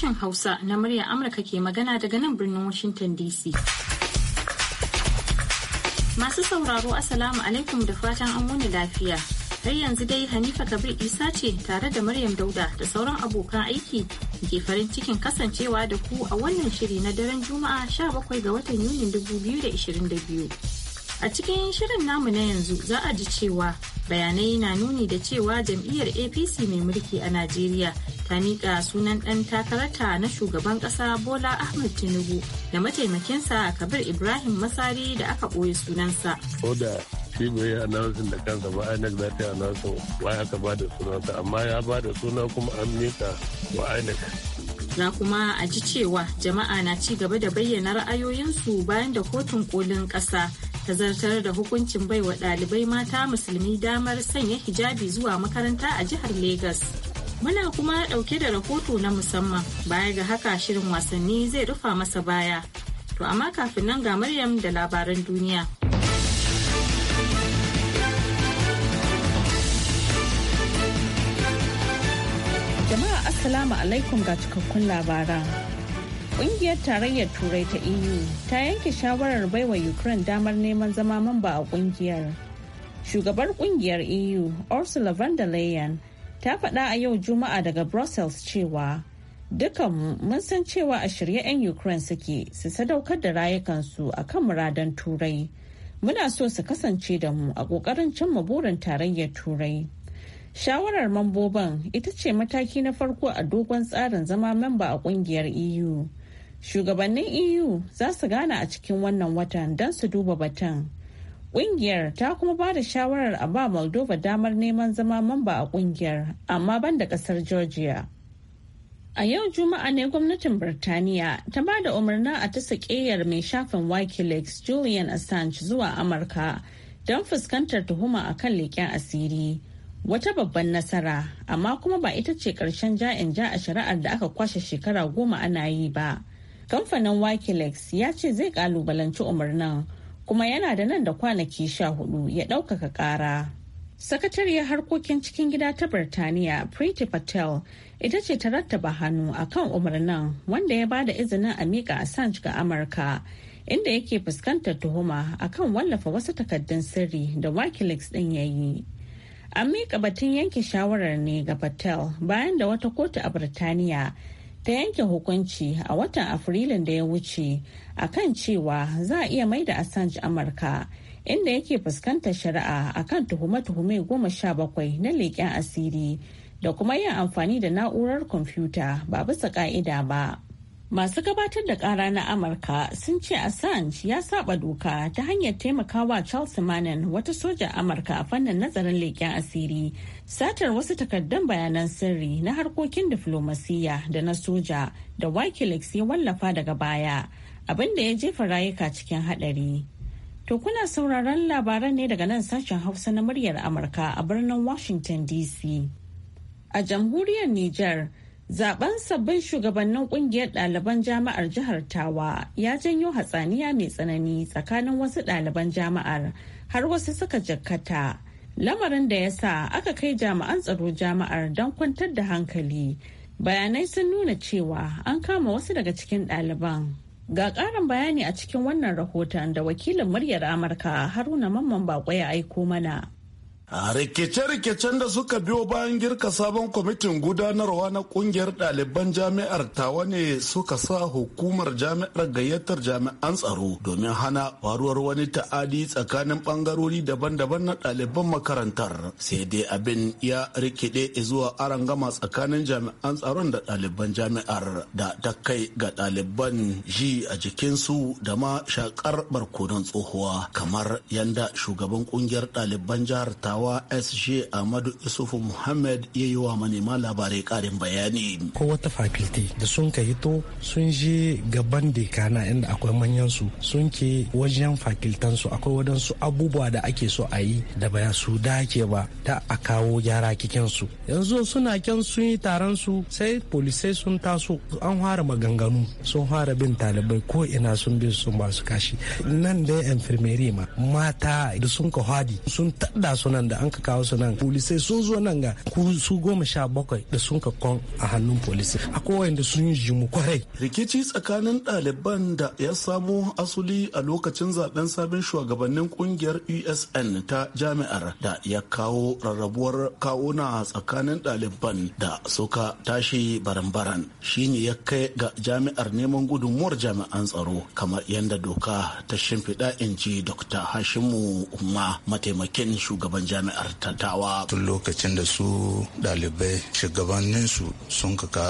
sashen Hausa na muryar Amurka ke magana daga nan birnin Washington DC. Masu sauraro Assalamu alaikum da fatan an wani lafiya. Har yanzu dai Hanifa Kabir Isa ce tare da Maryam Dauda da sauran abokan aiki ke farin cikin kasancewa da ku a wannan shiri na daren Juma'a 17 ga watan Yunin 2022. A cikin shirin namu na yanzu za a ji cewa bayanai na nuni da cewa jam'iyyar APC mai mulki a Najeriya ta miƙa sunan ɗan takarata na shugaban ƙasa Bola Ahmed Tinubu da mataimakinsa Kabir Ibrahim Masari da aka ɓoye sunansa. shi ya yi da kansa ba INEC za ta yi wai ba da sunansa amma ya ba da suna kuma an miƙa wa Za kuma a ji cewa jama'a na ci gaba da bayyana ra'ayoyinsu bayan da kotun kolin ƙasa tazartar da hukuncin bai wa ɗalibai mata musulmi damar sanya hijabi zuwa makaranta a jihar Legas. Muna kuma ɗauke da rahoto na musamman baya ga haka shirin wasanni zai rufa masa baya. To amma kafin nan ga Maryam da labaran duniya. Jama'a Assalamu alaikum ga cikakkun labaran. Kungiyar tarayyar Turai ta EU ta yanke shawarar baiwa Ukraine damar neman zama mamba a kungiyar. Shugabar kungiyar EU Ursula von der Leyen ta faɗa a yau Juma'a daga Brussels cewa dukanmu mun san cewa a shirye 'yan Ukraine suke su sadaukar da rayukansu a kan muradan Turai. Muna so su kasance da mu a ƙoƙarin cimma burin tarayyar Turai. shawarar mambobin ita ce mataki na farko a dogon tsarin zama mamba a kungiyar eu Shugabannin EU za su gana a cikin wannan watan don su duba batun. Ƙungiyar ta kuma ba da shawarar a ba Moldova damar neman zama mamba a ƙungiyar, amma ban da ƙasar Georgia. A yau Juma'a ne gwamnatin Birtaniya ta ba da umarna a ta sakeyar mai shafin Wikileaks Julian Assange zuwa Amurka don fuskantar tuhuma a kan leƙen asiri. Wata babban nasara, amma kuma ba ita ce ƙarshen ja'in ja a shari'ar da aka kwashe shekara goma ana yi ba. kamfanin wakilex ya ce zai kalubalanci umarnin kuma yana da nan da kwanaki sha hudu ya ɗaukaka ƙara sakatariyar harkokin cikin gida ta birtaniya priti patel ita ce ta rattaba hannu akan umarnin wanda ya bada izinin a miƙa assange ga amurka inda yake fuskantar tuhuma akan wallafa wasu takaddun sirri da wikileaks din ya yi an miƙa batun yanke shawarar ne ga patel bayan da wata kotu a birtaniya ta yanke hukunci a watan afrilun da ya wuce a kan cewa za a iya maida assange amurka inda yake fuskantar shari'a a kan tuhume-tuhume goma sha bakwai na leƙen asiri da kuma yin amfani da na'urar kwamfuta ba bisa ka'ida ba Masu gabatar da kara na Amurka sun ce Assange ya saba doka ta hanyar taimakawa Charles Manon wata soja Amurka a fannin nazarin leƙen asiri, satar wasu takardun bayanan sirri na harkokin diflomasiyya da na soja da Wikileaks ya wallafa daga baya, abinda ya jefa rayuka cikin haɗari. To kuna sauraron labaran ne daga nan sashen Hausa na muryar Amurka a birnin Washington DC. A jamhuriyar Niger. Zaben sabbin shugabannin kungiyar ɗaliban jama'ar jihar Tawa ya janyo hatsaniya mai tsanani tsakanin wasu ɗaliban jama'ar har wasu suka jakkata. Lamarin da ya sa aka kai jami'an tsaro jama'ar don kwantar da hankali. Bayanai sun nuna cewa an kama wasu daga cikin ɗaliban. Ga ƙarin bayani a cikin wannan rahoton da wakilin muryar Amurka Haruna Mamman Bakwai ya aiko mana. rikice-rikicen da suka biyo bayan girka sabon kwamitin gudanarwa na kungiyar ɗaliban jami'ar tawa ne suka sa hukumar jami'ar gayyatar jami'an tsaro domin hana faruwar wani ta'adi tsakanin bangarori daban-daban na ɗaliban makarantar sai dai abin ya rikide zuwa arangama tsakanin jami'an tsaron da ɗaliban jami'ar da ta kai ga ɗaliban ji a jikinsu da ma shakar barkonon tsohuwa kamar yanda shugaban kungiyar ɗaliban jihar tawa hawa sj ahmadu isufu muhammad ya yi wa manema labarai karin bayani ko wata fakilte da sun ka hito sun je gaban dekana inda akwai manyan su sun ke wajen fakiltan su akwai wadansu abubuwa da ake so a yi da baya su dake ba ta a kawo gyara kikin su yanzu suna kyan sun yi taron su sai polisai sun taso an fara maganganu sun fara bin talibai ko ina sun bin sun ba su kashi nan da infirmeri ma mata da sun ka hadi sun taɗa sunan da an ka kawo su nan polisai sun zo nan ga su goma sha bakwai da sun ka kon a hannun polisai a kowai wanda sun yi jimu kwarai rikici tsakanin ɗaliban da ya samo asuli a lokacin zaben sabon shugabannin kungiyar usn ta jami'ar da ya kawo rarrabuwar kawuna tsakanin ɗaliban da suka tashi barambaran baran shine ya kai ga jami'ar neman gudunmuwar jami'an tsaro kamar yadda doka ta shimfiɗa in ji dr hashimu umma mataimakin shugaban jami'ar jami'ar tattawa tun lokacin da su ɗalibai shugabanninsu sun kaka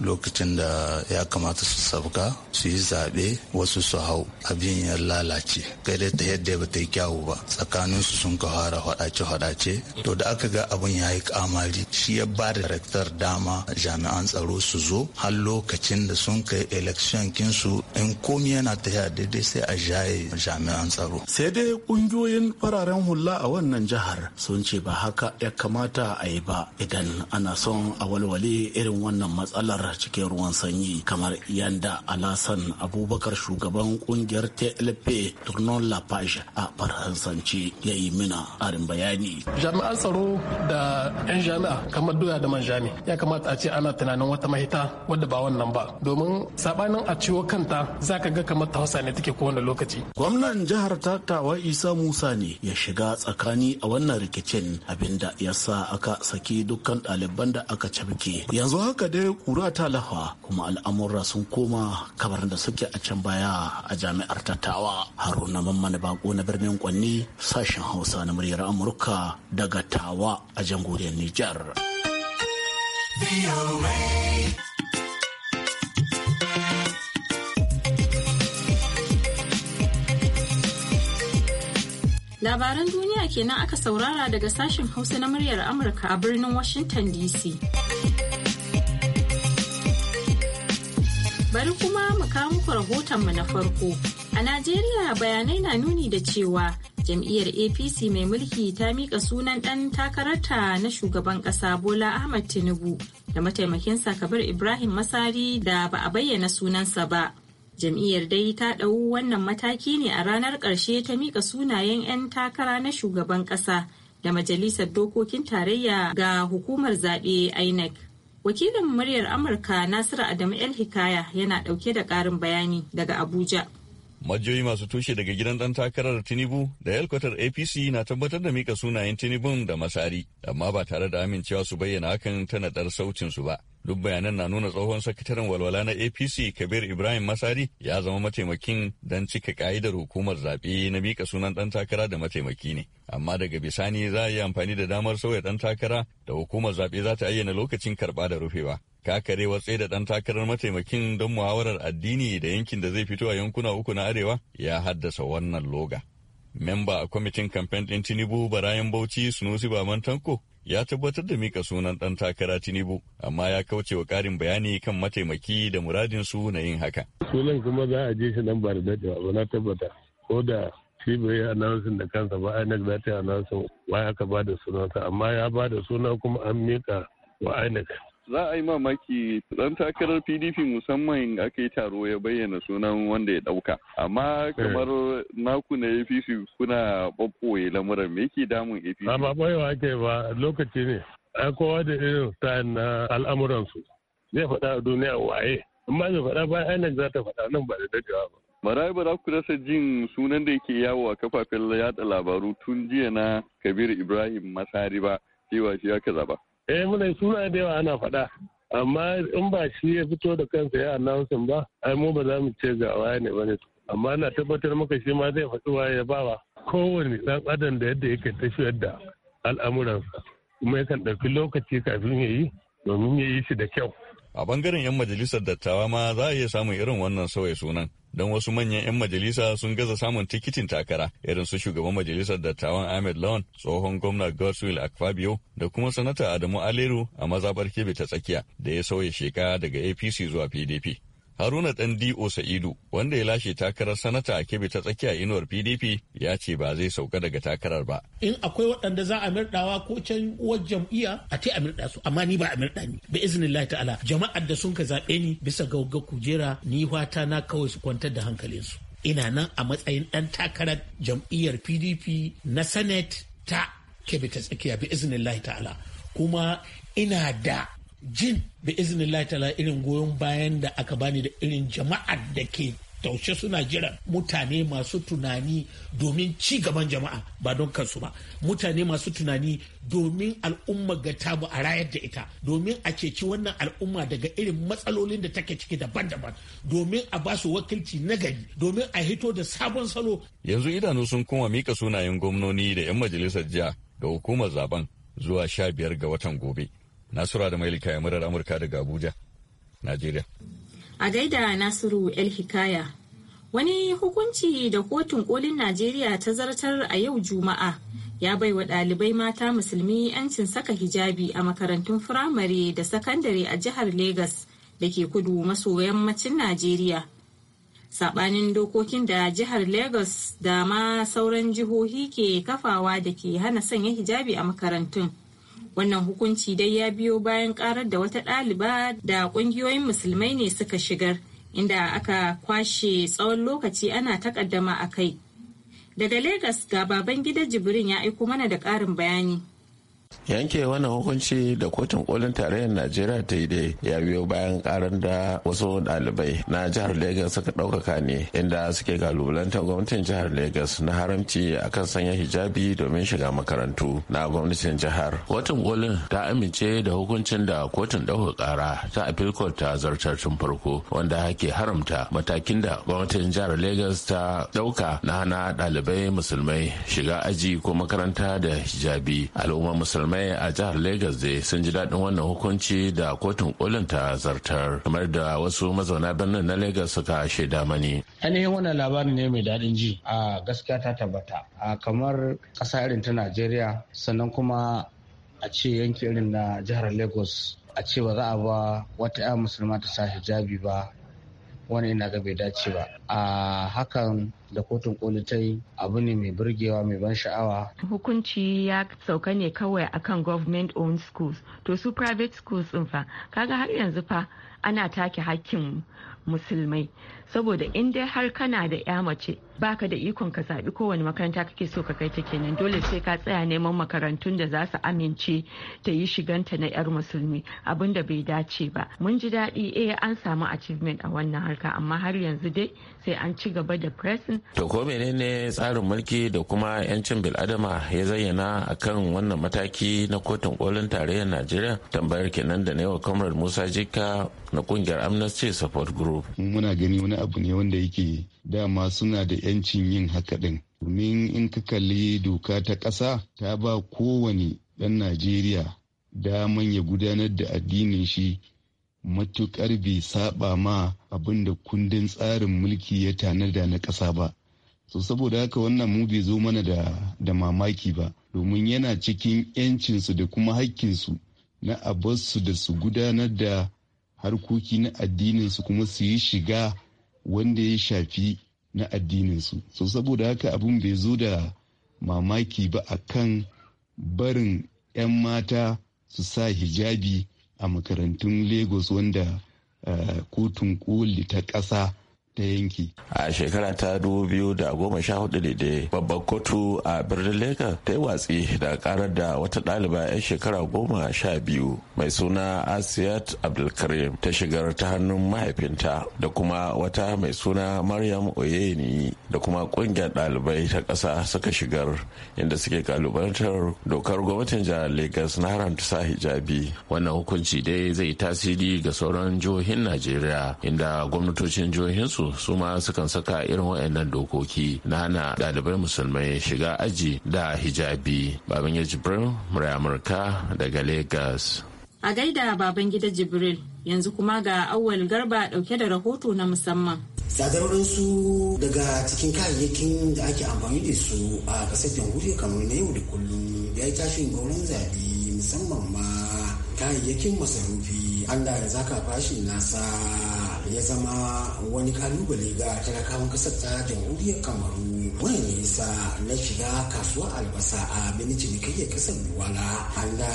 lokacin da ya kamata su sabka su yi zaɓe wasu su hau abin ya lalace gaida ta yadda ba ta yi kyawu ba tsakaninsu sun ka fara hadace-hadace to da aka ga abin ya yi kamari shi ya ba da rektar dama jami'an tsaro su zo har lokacin da sun kai election kinsu in komi yana yadda daidai sai a jaye jami'an tsaro sai dai kungiyoyin fararen hula a wannan jihar jihar sun ce ba haka ya kamata a yi ba idan ana son a walwale irin wannan matsalar cikin ruwan sanyi kamar yanda alasan abubakar shugaban kungiyar tlp turnon la page a faransanci ya yi mina arin bayani jami'an tsaro da 'yan jami'a kamar doya da manja ne ya kamata a ce ana tunanin wata mahita wadda ba wannan ba domin sabanin a ciwo kanta za ka ga kamar tausa ne take kowane lokaci gwamnan jihar tatawa isa musa ne ya shiga tsakani a wannan rikicin abin da ya sa aka saki dukkan ɗaliban da aka cafke yanzu haka dai kura ta lafa kuma al'amura sun koma kamar da suke a can baya a jami'ar tattawa haruna mamman bako na birnin kwanni sashen hausa na muryar amurka daga tawa a jamhuriyar nijar. Labaran duniya kenan aka saurara daga sashen Hausa na muryar Amurka a birnin Washington DC. Bari kuma mu kawo muku rahotonmu na farko. A Najeriya bayanai na nuni da cewa jam'iyyar apc mai mulki ta mika sunan ɗan takararta na shugaban ƙasa bola ahmad tinubu da mataimakinsa kabir ibrahim masari da ba a bayyana sunansa ba Jam'iyyar dai ta ɗau wannan mataki ne a ranar ƙarshe ta miƙa sunayen 'yan takara na shugaban ƙasa da Majalisar Dokokin Tarayya ga hukumar zaɓe INEC. Wakilin muryar Amurka Nasiru Adamu El Hikaya yana ɗauke da ƙarin bayani daga Abuja. Majiyoyi masu tushe daga gidan ɗan takarar Tinubu da yalkwatar APC na tabbatar da mika sunayen Tinubun da Masari, amma ba tare da amincewa su bayyana hakan ta naɗar su ba. Duk bayanan na nuna tsohon sakataren walwala na APC Kabir Ibrahim Masari ya zama mataimakin don cika ka'idar hukumar zaɓe na mika sunan ɗan takara da mataimaki ne. Amma daga bisani za a yi amfani da damar sauya ɗan takara da hukumar zaɓe za ta ayyana lokacin karɓa da rufewa. kakare watsai da ɗan takarar mataimakin don muhawarar addini da yankin da zai fito a yankuna uku na arewa ya haddasa wannan loga. Memba a kwamitin kamfen ɗin Tinubu Barayan Bauchi Sunusi ba Tanko ya tabbatar da mika sunan ɗan takara Tinubu amma ya kauce wa ƙarin bayani kan mataimaki da muradin su na yin haka. Sunan kuma za a je shi nan ba da dadewa ba na tabbata ko da shi bai yi announcing da kansa ba INEC za ta yi announcing wai aka ba da sunansa amma ya ba da suna kuma an mika wa INEC za a yi mamaki dan takarar pdp musamman aka yi taro ya bayyana sunan wanda ya dauka amma eh. kamar naku na apc kuna ɓaɓɓoye lamuran me yake damun apc ba wa ake ba lokaci ne kowa da irin sa'an na al'amuransu zai faɗa a duniya waye Amma zai faɗa ba inec za ta faɗa nan ba da dajewa ba Marai ba za ku rasa jin sunan da yake yawo a kafafen yada labaru tun jiya na Kabir Ibrahim Masari ba cewa shi aka zaba. eh muna suna da yawa ana faɗa amma in ba shi ya fito da kansa ya announcing ba ai mu ba za mu ce ga waya ne bane amma na tabbatar maka shi ma zai faɗi waye ya bawa kowane dan adam da yadda yake tafiyar da al'amuransa kuma yakan ɗauki lokaci kafin ya yi domin ya yi shi da kyau a bangaren yan majalisar dattawa ma za a iya samun irin wannan sauya sunan don wasu manyan 'yan majalisa sun gaza samun tikitin takara irin su shugaban majalisar dattawan ahmed lawan tsohon gwamna godswill akfabio da kuma sanata adamu aleru a mazabar kebe ta tsakiya da ya sauya sheka daga apc zuwa pdp Haruna ɗan D.O. Sa'idu wanda ya lashe takarar sanata a kebe ta tsakiya inuwar PDP ya ce ba zai sauka daga takarar ba. In akwai waɗanda za a mirɗawa ko can uwar jam'iyya a ce a mirɗa su amma ni ba a mirɗa ni bi iznillahi ta'ala jama'ar da sun ka zaɓe ni bisa ga ga kujera ni fata na kawai su kwantar da hankalinsu. Ina nan a matsayin ɗan takarar jam'iyyar PDP na Senate ta kebe ta tsakiya bi iznillahi ta'ala kuma ina da jin da izinin laitala irin goyon bayan da aka bani da irin jama'a da ke taushe suna jira mutane masu tunani domin ci gaban jama'a ba don kansu ba mutane masu tunani domin al'umma ga tabu a rayar da ita domin a ceci wannan al'umma daga irin matsalolin da take ciki daban-daban domin a ba su wakilci na gari domin a hito da sabon salo yanzu idanu sun kuma mika sunayen gwamnoni da 'yan majalisar jiya ga hukumar zaben zuwa sha biyar ga watan gobe Nasura da Mailika ya murar Amurka daga Abuja, Najeriya. A gaida Nasiru El Hikaya, wani hukunci da kotun kolin Najeriya ta zartar a yau Juma'a ya baiwa ɗalibai mata musulmi 'yancin saka hijabi a makarantun firamare da sakandare a jihar Legas da ke kudu maso yammacin Najeriya. saɓanin dokokin da jihar Legas da ma sauran jihohi ke kafawa da ke hana sanya hijabi a makarantun. Wannan hukunci dai ya biyo bayan karar da wata ɗaliba da ƙungiyoyin musulmai ne suka shigar, inda aka kwashe tsawon lokaci ana takaddama a kai. Daga Lagos ga baban gida Jibrin ya aiko mana da ƙarin bayani. yanke wannan hukunci da kotun kolin tarayyar najeriya ta yi dai ya biyo bayan karar da wasu ɗalibai na jihar lagos suka ɗaukaka ne inda suke kalubalantar gwamnatin jihar lagos na haramci akan sanya hijabi domin shiga makarantu na gwamnatin jihar kotun kolin ta amince da hukuncin da kotun dauka kara ta appeal court ta zartar tun farko wanda ke haramta matakin da gwamnatin jihar lagos ta ɗauka na hana ɗalibai musulmai shiga aji ko makaranta da hijabi al'umma musulmai musulmai a jihar Legas dai sun ji daɗin wannan hukunci da kotun kolin ta zartar kamar da wasu mazauna birnin na Legas suka shaida mani. Ainihin wannan labarin ne mai daɗin ji a gaskiya ta tabbata a kamar ƙasa irin ta Najeriya sannan kuma a ce yanki irin na jihar legas a ce ba za a ba wata 'ya musulma ta sa hijabi ba wani ina ga bai dace ba a hakan da kotun koli ta yi abu ne mai burgewa mai ban sha'awa hukunci ya sauka ne kawai akan government owned schools to su private schools din fa kaga har yanzu fa ana take hakkin musulmai saboda in dai har kana da ya mace baka da ikon ka zaɓi kowane makaranta kake so ka kai ta kenan dole sai ka tsaya neman makarantun da za su amince ta yi shiganta na yar musulmi abin da bai dace ba mun ji daɗi eh an samu achievement a wannan harka amma har yanzu dai sai an ci gaba da pressing to ko menene tsarin mulki da kuma yancin bil'adama ya zayyana akan wannan mataki na kotun kolin tarayyar najeriya tambayar kenan da na wa comrade musa jika na kungiyar amnesty support group muna gani wani abu ne wanda yake dama suna da 'yancin yin haka ɗin domin in ka kalli doka ta ƙasa ta ba kowane ɗan najeriya daman ya gudanar da addinin shi matuƙar bai saba ma abin da kundin tsarin mulki ya tanada na ƙasa ba so saboda haka wannan mu bai zo mana da, mamaki ba domin yana cikin 'yancinsu da kuma haƙƙinsu na abarsu da su gudanar da harkoki na addininsu kuma su yi shiga wanda ya shafi na addininsu so saboda haka abin bai zo da mamaki ba a kan barin 'yan mata su sa hijabi a makarantun lagos wanda eh, kotun koli ta ƙasa da yanki. A shekara ta biyu da goma sha hudu ne da babban kotu a birnin Lagos ta yi watsi da karar da wata ɗaliba 'yan shekara goma sha biyu mai suna Asiyat Abdulkarim ta shigar ta hannun mahaifinta da kuma wata mai suna Maryam Oyeni da kuma ƙungiyar ɗalibai ta ƙasa suka shigar inda suke kalubalantar dokar gwamnatin jihar Lagos na haramta sa hijabi. Wannan hukunci dai zai tasiri ga sauran jihohin Najeriya inda gwamnatocin jihohinsu su su ma sukan saka irin wa'annan dokoki na hana ɗalibai musulmai shiga aji da hijabi baban ya jibril murai amurka daga lagos a gaida baban gida jibril yanzu kuma ga awwal garba dauke da rahoto na musamman sadarwar su daga cikin kayayyakin da ake amfani da su a kasar jamhuriyar kamar na yau da kullum ya yi tashin gauran zabi musamman ma kayayyakin masarufi allah ya zaka fashi nasa ya zama wani kalubale ga talakawan kasar ta jamhuriyar kamaru wani nisa na shiga kasuwar albasa a ne cinikayyar kasar duwala anda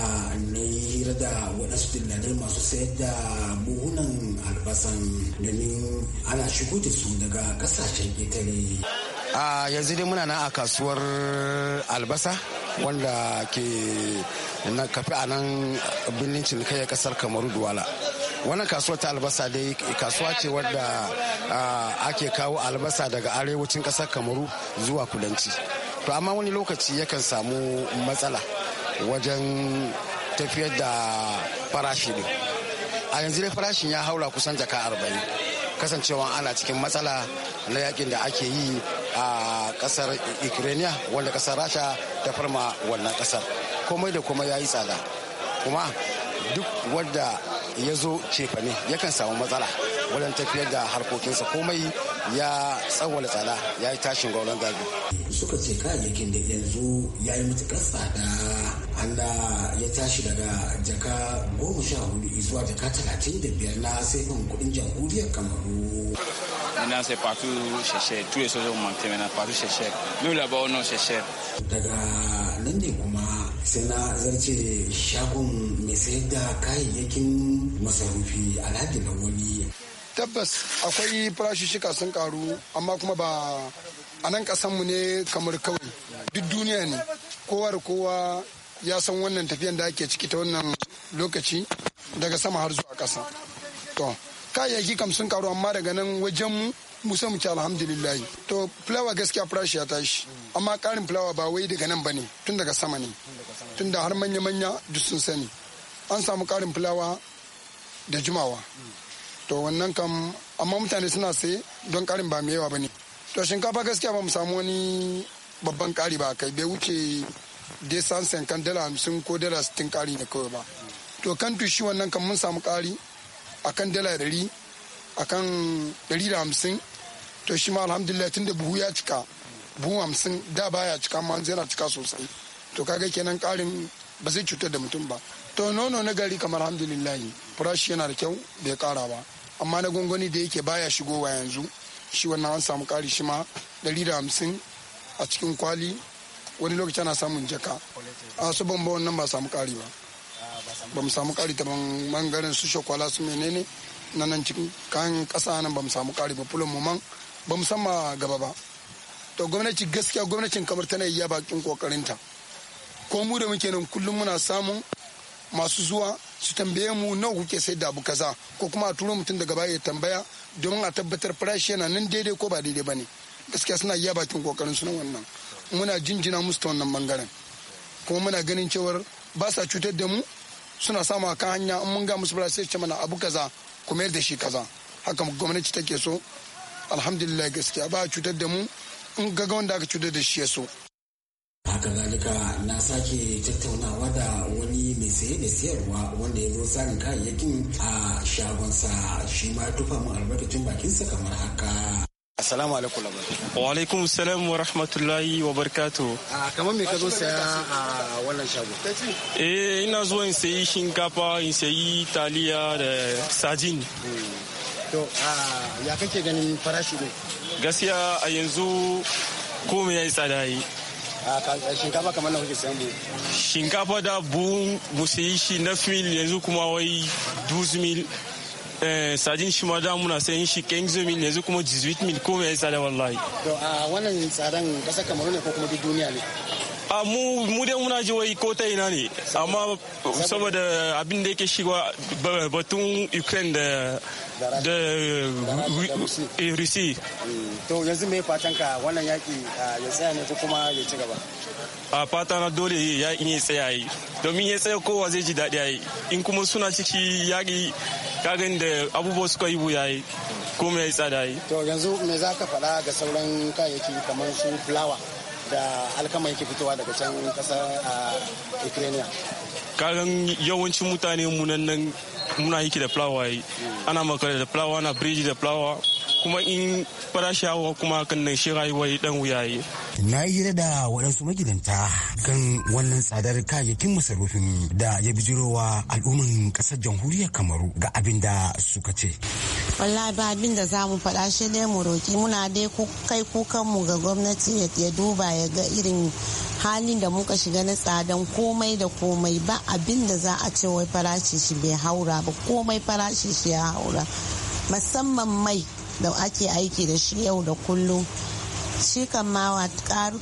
na hira da waɗansu dillalai masu sayar da buhunan albasan domin ana shigo da su daga kasashen itali a yanzu dai muna nan a kasuwar albasa wanda ke kafi a nan birnin cinikayyar kasar kamaru duwala wannan kasuwar ta albasa dai kasuwa ce wadda ake kawo albasa daga arewacin ƙasar kamaru zuwa kudanci to amma wani lokaci yakan samu matsala wajen tafiyar da farashi ne a yanzu dai farashin ya haura kusan jaka arba'in kasancewa ana cikin matsala na yakin da ake yi a kasar ukraine wanda kasar rasha ta farma wannan kasar komai da kuma ya yi tsada kuma duk wadda ya zo cefane yakan samu matsala wajen tafiyar da harkokinsa komai ya tsawala tsada ya yi tashin gauran zabi. suka ce kayayyakin da yanzu ya yi matukar tsada Allah ya tashi daga jaka goma sha hudu zuwa jaka talatin da biyar na saifin kudin jamhuriyar kamaru. Ina c'est partout, sheshe, cher. Tous les choses ont manqué maintenant, partout, c'est Daga nan ne kuma sai na zarce shagon mai sayar da kayayyakin masarufi alhaji wani. tabbas akwai farashishika sun karu amma kuma ba a nan mu ne kamar kawai duk duniya ne kowa da kowa ya san wannan tafiyan da ake ciki ta wannan lokaci daga sama har zuwa ƙasa to kayayyaki kam sun karu amma daga nan wajen mu musa mu ci alhamdulillah to fulawa gaskiya farashi ya tashi amma karin fulawa ba wai daga nan ba ne tun daga sama ne tunda har manya-manya duk sun sani an samu karin fulawa da jimawa to wannan kam amma mutane suna sai don karin ba mai yawa ba ne to shinkafa gaskiya ba mu samu wani babban kari ba kai bai wuce dai san kan dala hamsin ko dala sittin kari ne kawai ba to kan tushi wannan kan mun samu kari akan dala ɗari akan ɗari da hamsin to shi ma alhamdulillah tunda buhu ya cika buhu hamsin da baya cika amma yana cika sosai to kaga kenan karin ba zai cutar da mutum ba to nono na gari kamar alhamdulillah farashi yana da kyau bai kara ba amma na gongoni da yake baya shigowa yanzu shi wannan an samu kari shi ma hamsin a cikin kwali wani lokaci ana samun jaka a su ban wannan ba samu kari ba ba mu samu kari ta mangarin su shakwala su menene na nan cikin kayan kasa nan ba mu samu kari ba fulon mu man ba mu san ma gaba ba to gwamnati gaskiya gwamnatin kamar tana yi ya bakin kokarinta ko mu da muke nan kullum muna samun masu zuwa su tambaye mu nawa kuke sayar da abu kaza ko kuma a turo mutum daga baya ya tambaya domin a tabbatar farashi yana nan daidai ko ba daidai ne gaskiya suna iya bakin kokarin su wannan muna jinjina musu ta wannan bangaren kuma muna ganin cewar ba sa cutar da mu suna samu kan hanya in mun ga musu ba sai ce mana abu kaza kuma yar da shi kaza haka gwamnati take so alhamdulillah gaskiya ba cutar da mu in ga wanda aka cutar da shi ya so haka zalika na sake tattaunawa da wani mai saye da sayarwa wanda ya zo tsarin kayayyakin a shagonsa shi ma tufa mu albarkacin bakinsa kamar haka Assalamu alaikum labar. Wa alaikum salam wa rahmatullahi wa barkato. kamar me ka zo saya a wannan shago? Eh ina zuwa in sayi shinkafa, in sayi taliya da sajin. Hmm. To ya kake ganin farashi ne? Gaskiya a yanzu komai ya yi tsada yi. shinkafa kamar na kuke sayan buhu shinkafa da buhu mu sayi shi na fil yanzu kuma wai 12 mil sajin shi ma da muna sayan shi 15 mil yanzu kuma 18 mil ko ya tsada wallahi to a wannan tsadan kasar kamaru ne ko kuma duk duniya ne a mu mu dai muna ji wai ko ta ina ne amma saboda abin da yake shiga batun ukraine da da eh, rusi to yanzu me fatan ka wannan yaki eh, ya tsaya ne ko kuma ya ci gaba a fata na dole yakin ya tsaya yi domin ya tsaya kowa zai ji daɗi yayi in kuma suna ciki yaki kagan da abubuwa suka yi bu yi ko me tsada yi to yanzu me za ka faɗa ga sauran kayayyaki kamar su fulawa da alkama yake fitowa daga can kasar ukraine kagan yawancin mutane munan nan muna yake da yi ana makar da flawa ana bridge da flawa kuma in farashi hawa kuma kan nan shi rayuwar dan wuya yi. Na yi hira da waɗansu magidanta kan wannan tsadar kayayyakin masarufin da ya bijirowa al'umman ƙasar jamhuriyar Kamaru ga abin da suka ce. wallahi ba abin da za mu faɗa shi ne mu roki muna dai kai kukanmu ga gwamnati ya duba ya ga irin halin da muka shiga na tsadan komai da komai ba abin da za a ce wai farashi shi bai haura ba komai farashi shi ya haura musamman mai da ake aiki da shi yau da kullum shi kan ma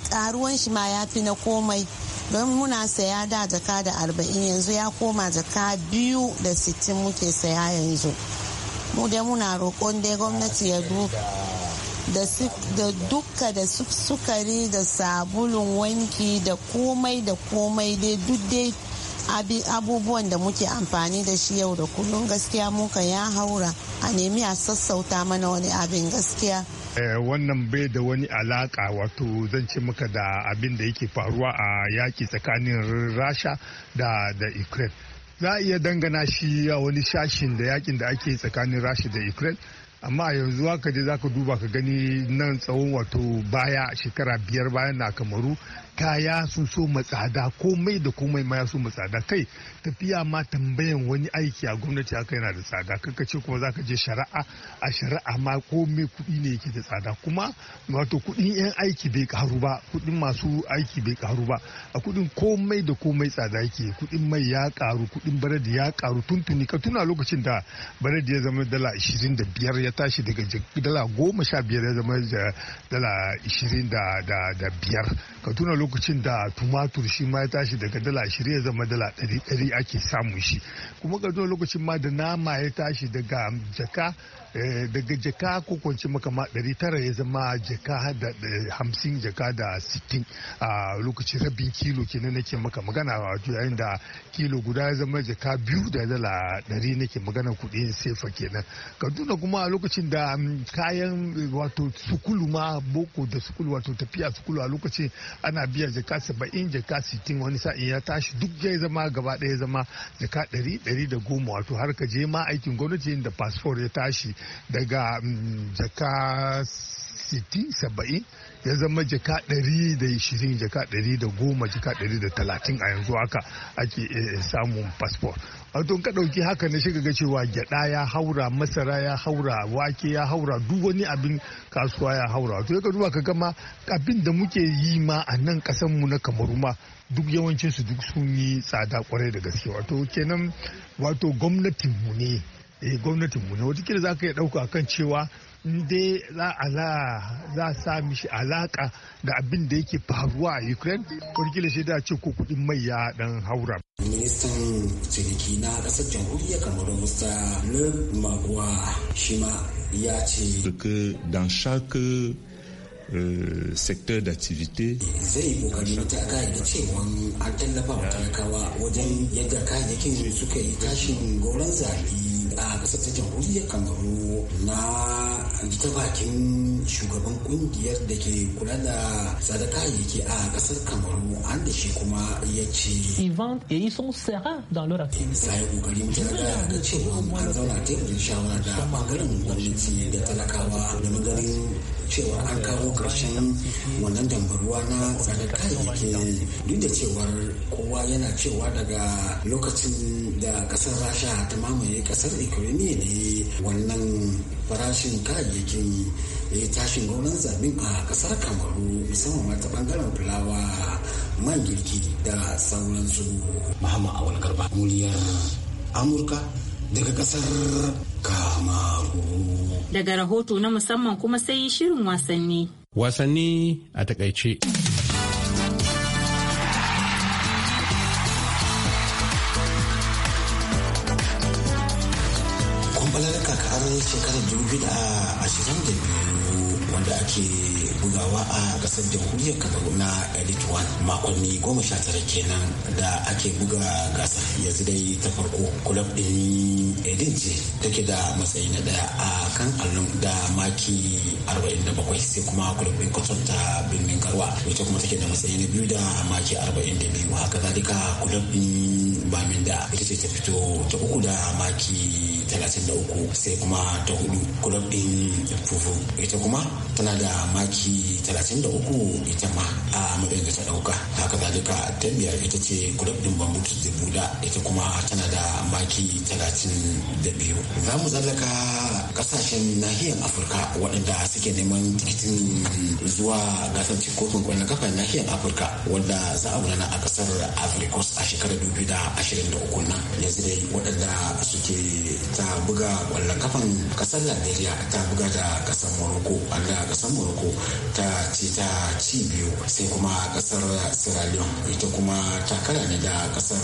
karuwan shi ma ya fi na komai don muna saya da jaka da arba'in yanzu ya koma jaka biyu da sittin muke saya yanzu mu dai muna roƙon dai gwamnati ya duba da duka da sukari da sabulun wanki da komai da komai dai duk dai abubuwan da muke amfani da shi yau da kullum gaskiya muka ya haura a nemi a sassauta mana wani abin gaskiya eh, wannan bai da wani alaka wato zan ce maka da abin da yake faruwa a yaki tsakanin rasha da ukraine za a iya dangana shi a wani shashin da yakin da ake tsakanin rasha da ukraine amma a yanzu haka je zaka duba ka gani nan tsawon wato baya shekara biyar bayan na kamaru kaya sun so matsada komai da komai ma ya so matsada kai tafiya ma tambayan wani aiki a gwamnati haka yana da tsada kaka ce kuma zaka je shari'a a shari'a ma komai kuɗi ne yake da tsada kuma wato kuɗin yan aiki bai karu ba kuɗin masu aiki bai karu ba a kuɗin komai da komai tsada yake kuɗin mai ya karu kuɗin baradi ya karu tuntuni ka tuna lokacin da baradi ya zama dala ashirin da biyar ya tashi daga dala goma sha biyar ya zama dala ishirin da biyar ka tuna lokacin da tumatur shi ma ya tashi daga dala ashirin ya zama dala ɗari ɗari ake samun shi kuma ka tuna lokacin ma da nama ya tashi daga jaka Eh, daga jaka ko kwanci maka ma 900 ya zama jaka da 50 jaka da 60 a lokacin rabin kilo kenan nake maka magana wato yayin da kilo guda ya zama jaka biyu da dala 100 nake magana kuɗin sefa kenan kaduna kuma a lokacin da mm, kayan wato sukulu ma boko da sukulu wato tafiya sukulu a lokacin ana biya jaka 70 jaka 60 wani sa'in ya tashi duk ya zama gaba ɗaya zama jaka 100 110 wato har ka je ma aikin gwamnati da fasfor ya tashi daga mm, jaka 60-70 ya zama jaka 120 jaka 110 jaka 130 a yanzu haka ake eh, eh, samun passport wato ka ɗauki haka na shiga ga cewa gyada ya haura masara ya haura wake ya haura duk wani abin kasuwa ya haura wato ya ka duba ka gama abin da muke yi ma a nan mu na kamaru ma duk yawancin duk sun yi tsada kwarai da gaske wato kenan wato gwamnatinmu ne Eh, gwamnatinmu ne watakila za ka yi ɗauka kan cewa in dai za a sa mishi alaka da abin da yake faruwa a ukraine watakila shi da ce ko kuɗin mai ya ɗan haura. ministan ciniki na ƙasar jamhuriyar kamaru musta na maguwa shi ma ya ce Euh, secteur d'activité. zai kokari ta da cewa an tallafa wa talakawa wajen yadda kayayyakin suka yi tashin goron zabi a kasar ta jamhuriyar kamaru na ta bakin shugaban kungiyar da ke kula da tsada kayayyaki a kasar kamaru an da shi kuma ya ce ivan ya yi sun sera da lura sai kokari mutane da ga cewa an zauna teburin shawara da bangaren gwamnati da talakawa da maganin cewa an kawo ƙarshen wannan dambaruwa na tsadar kayayyaki duk da cewar kowa yana cewa daga lokacin da ƙasar rasha ta mamaye ƙasar ukraine ne wannan farashin kayayyakin ya tashin gwamnan zaɓen a ƙasar kamaru musamman mata bangaren fulawa man girki da sauransu muhammad awal garba muryar amurka daga ƙasar daga rahoto na musamman kuma sai yi shirin wasanni wasanni a takaice kwamfalar kakar shekarar 2022 wanda ake bugawa a kasar jamhuriyar kamaru na elite one makonni goma sha tara kenan da ake buga gasa yanzu dai ta farko kulab din edin ce take da matsayi na daya a kan allon da maki 47 sai kuma kulab din kwaton ta birnin garwa ita kuma take da matsayi na biyu da maki 42 haka zalika kulab din baminda ita ce ta fito ta uku da maki 33 sai kuma ta hudu kulob din fufu ita kuma tana da maki 33 ita ma a matsayin da ta dauka haka zalika ta biyar ita ce kulob din bambutu da buda ita kuma tana da maki 32 za mu zallaka kasashen nahiyar afirka waɗanda suke neman tikitin zuwa gasar cikin kofin kwallon kafa nahiyar afirka wanda za a gudana a kasar africos a shekarar 2000 ashirin da uku ne yanzu dai waɗanda suke ta buga ƙwallon kafan ƙasar Najeriya ta buga da ƙasar Morocco wanda ƙasar Morocco ta ce ta ci biyu sai kuma ƙasar Sierra Leone ita kuma ta kara ne da ƙasar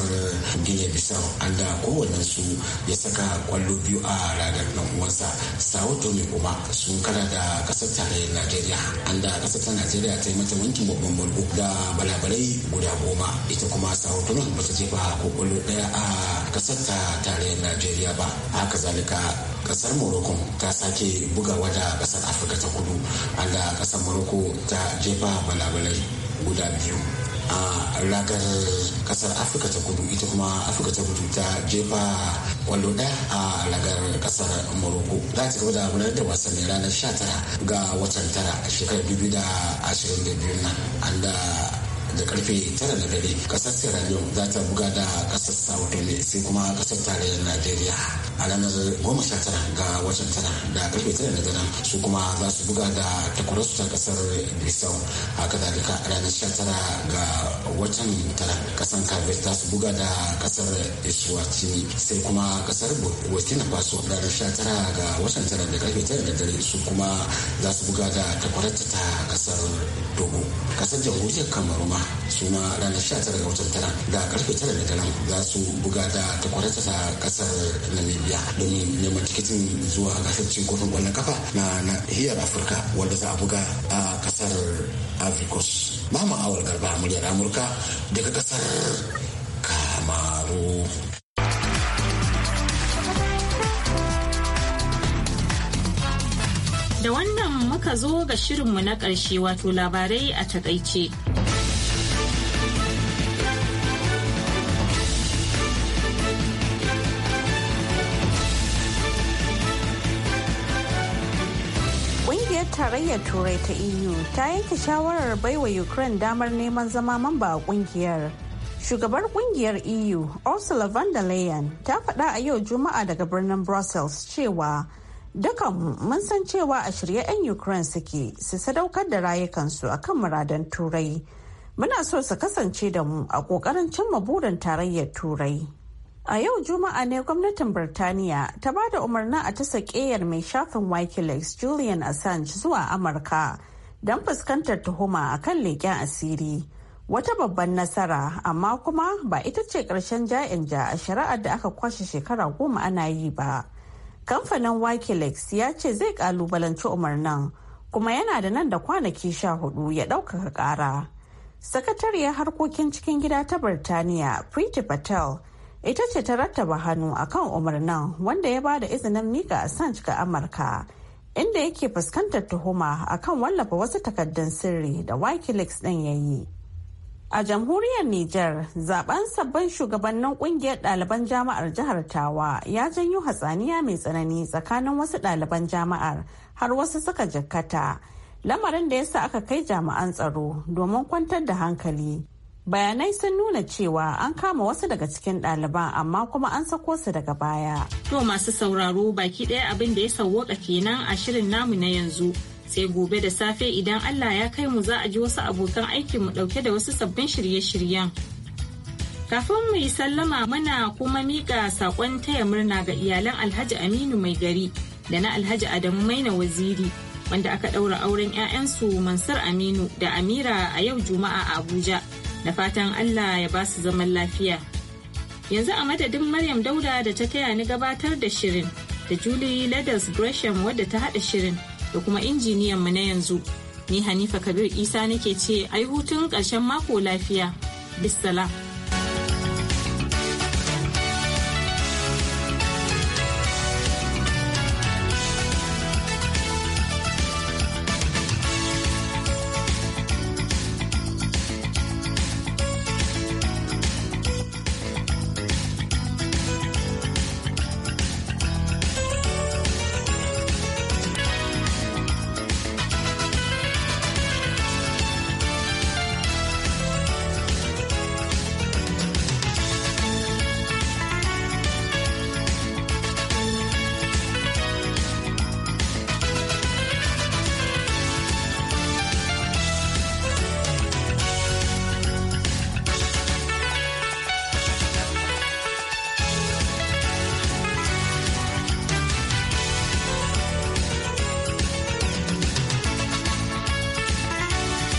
Guinea Bissau da kowanne su ya saka kwallo biyu a ragar ɗan uwansa Sao Tome kuma sun kara da ƙasar tarayyar Najeriya da ƙasar ta Najeriya ta yi mata wankin babban bulbu da balabalai guda goma ita kuma Sao Tome ba ta jefa ko kwallo daya a kasar ta tarayyar najeriya ba haka zalika kasar morocco ta sake bugawa da kasar afirka ta kudu da kasar morocco ta jefa balabalai guda biyu a ragar kasar afirka ta kudu ita kuma afirka ta kudu ta jefa kwallo ɗaya a ragar kasar morocco za ta gaba da gudanar da wasanni ranar 19 ga watan tara a shekarar 2022 nan an da da karfe tara na dare kasar sierra leone za ta buga da kasar sao tome sai kuma kasar tarayyar najeriya a ranar goma sha tara ga watan tara da karfe tara na daren su kuma za su buga da takwararsu ta kasar bisau a zalika a ranar sha tara ga watan tara kasar kabir za su buga da kasar eswatini sai kuma kasar burkina faso ranar sha tara ga watan tara da karfe tara da dare su kuma za su buga da takwararta ta kasar togo kasar jamhuriyar kamaru ma suna ranar 19 ga watan tara da karfe tara da daren za su buga da takwarata ta kasar namibia domin neman tikitin zuwa gasar cin kofin kwallon kafa na nahiyar afirka wanda za a buga a kasar africos mama awal garba muryar amurka daga kasar kamaru Da wannan muka zo ga shirinmu na ƙarshe wato labarai a takaice. tarayyar turai ta eu ta yanke shawarar baiwa ukraine damar neman zama mamba a kungiyar shugabar kungiyar eu ursula von der leyen ta faɗa a yau juma'a daga birnin brussels cewa dukan mun san cewa a shirye 'yan ukraine suke su sadaukar da rayukansu a kan muradan turai muna so su kasance da mu a kokarin cimma burin tarayyar turai a yau juma'a ne gwamnatin birtaniya ta ba da umarnin a ta sakeyar mai shafin wikileaks julian assange zuwa amurka don fuskantar tuhuma a kan leƙen asiri wata babban nasara amma kuma ba ita ce ƙarshen ja'in ja a shari'ar da aka kwashe shekara goma ana yi ba kamfanin wikileaks ya ce zai kalubalanci umarnin kuma yana da nan da kwanaki sha hudu ya ɗaukaka ƙara sakatariyar harkokin cikin gida ta birtaniya priti patel ita ce ta rattaba hannu akan umarnin wanda ya ba da izinin mika assange ga amurka inda yake fuskantar tuhuma akan wallafa wasu takaddun sirri da wikileaks ɗin ya yi A jamhuriyar Nijar, zaben sabbin shugabannin kungiyar ɗaliban jama'ar jihar Tawa ya janyo hatsaniya mai tsanani tsakanin wasu ɗaliban jama'ar har wasu suka jikkata. Lamarin da yasa aka kai jami'an tsaro domin kwantar da hankali. Bayanai sun nuna cewa an kama wasu daga cikin ɗaliban amma kuma an sako su daga baya. To masu sauraro baki ɗaya abin da ya sauwaka kenan a shirin namu na yanzu. sai gobe da safe idan Allah ya kai mu za a ji wasu abokan mu ɗauke da wasu sabbin shirye-shiryen. Kafin mu yi sallama muna kuma miƙa saƙon taya murna ga iyalan Alhaji Aminu Mai Gari da na Alhaji Adamu Maina Waziri wanda aka ɗaura auren 'ya'yansu Mansur Aminu da Amira a yau Juma'a a Abuja. Da fatan Allah ya ba su zaman lafiya. Yanzu a madadin Maryam Dauda da ta taya ni gabatar da shirin da Julie Ladders Gresham wadda ta haɗa shirin. da kuma injiniyan mu na yanzu. Ni Hanifa Kabir Isa nake ce ai hutun ƙarshen mako lafiya. Bissalam.